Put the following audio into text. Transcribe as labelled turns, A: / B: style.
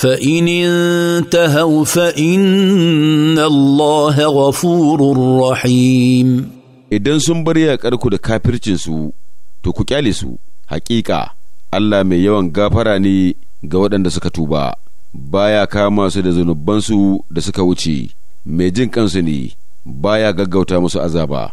A: فان انتهوا فان الله غفور
B: رحيم idan sun bar yaƙarku da kafircinsu to ku ƙyale su haƙiƙa Allah mai yawan gafara ne ga waɗanda suka tuba baya kama su da zunubansu da suka wuce mai jin kansu ne
C: baya gaggauta musu azaba